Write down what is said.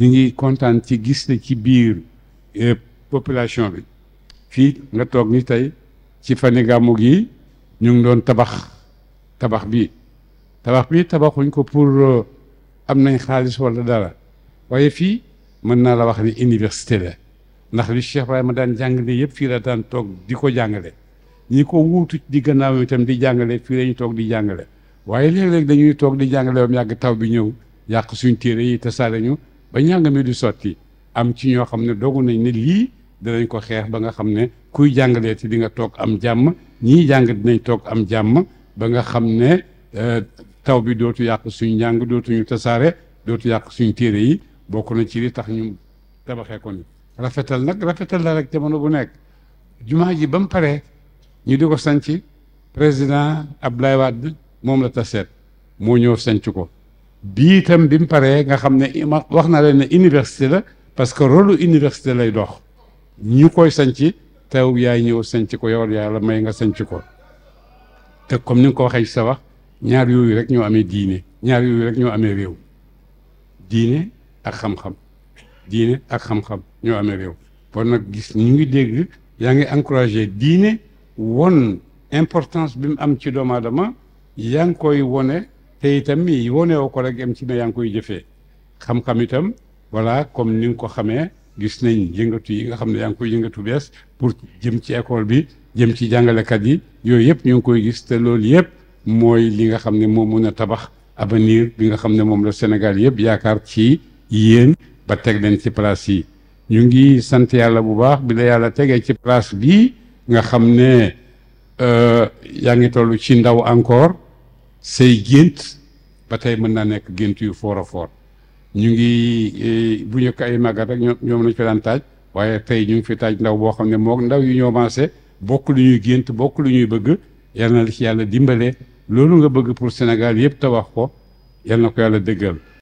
ñu ngi kontaan ci gis ne ci biir eh, population bi fii nga toog ni tey ci fani gàmmu gi ñu ngi doon tabax tabax bii tabax bii tabaxuñ ko pour euh, am nañ xaalis walla dara waaye fii mën naa la wax ni université la ndax li Cheikh ma daan jàng jàngale yëpp fii la daan toog di ko jàngale ñi ko wuutu di gannaaw itam di jàngale fii lañu toog di jàngale waaye léeg-léeg dañuy toog di jàngale wam yàgg taw bi ñëw yàq suñ téere yi tasaare ñu ba njàng mi di sotti am ci ñoo xam ne dogu nañ ne lii dinañ ko xeex ba nga xam ne kuy jàngalee ci di nga toog am jàmm ñii jàng dinañ toog am jàmm ba nga xam ne euh, taw bi dootu yàq suñ njàng dootuñu tasaare dootu yàq suñu téere yi bokk na ci li tax ñu tabaxee ko ni rafetal nag rafetal la rek jamono bu nekk jumaa ji ba mu paree ñu di ko sanc président Abdoulaye Wade moom la taseet moo ñëw sanc ko bii itam bi mu paree nga xam ne ima wax naa leen ne université la parce que rôle université lay dox ñu koy sanc teew yaay ñëw sanc ko yow yàlla may nga sanc ko te comme ni nga ko waxee ci sa wax ñaar yooyu rek ñoo amee diine ñaar yooyu rek ñoo amee réew diine ak xam-xam diine ak xam-xam ñoo amee réew kon nag gis ñu ngi dégg yaa ngi encouragé diine won importance bi mu am ci doomu aadama yaa ngi koy wone te itam wone woo ko rek yem ci ne yaa ngi koy jëfee xam-xam itam voilà comme ni nga ko xamee gis nañ yëngatu yi nga xam ne yaa ngi koy yëngatu bees pour jëm ci école bi jëm ci jàngalekat yi yooyu yëpp ñu ngi koy gis te loolu yëpp mooy li nga xam ne moo mun a tabax avenir bi nga xam ne moom la Sénégal yëpp yaakaar ci yéen ba teg leen ci place yi ñu ngi sant yàlla bu baax bi la yàlla tegee ci place bii nga xam ne euh, yaa ngi toll ci ndaw encore say gént ba tey mën naa nekk gént yu foor a foor ñu ngi e, bu ñu ko ay màggat rek ñoom lañu fi daan taaj waaye tey ñu ngi fi taaj ndaw boo xam ne moog ndaw yu ñoo maase bokk lu ñuy gént bokk lu ñuy bëgg yal na la ci yàlla dimbale loolu nga bëgg pour Sénégal yëpp te wax ko yal na ko yàlla dëggal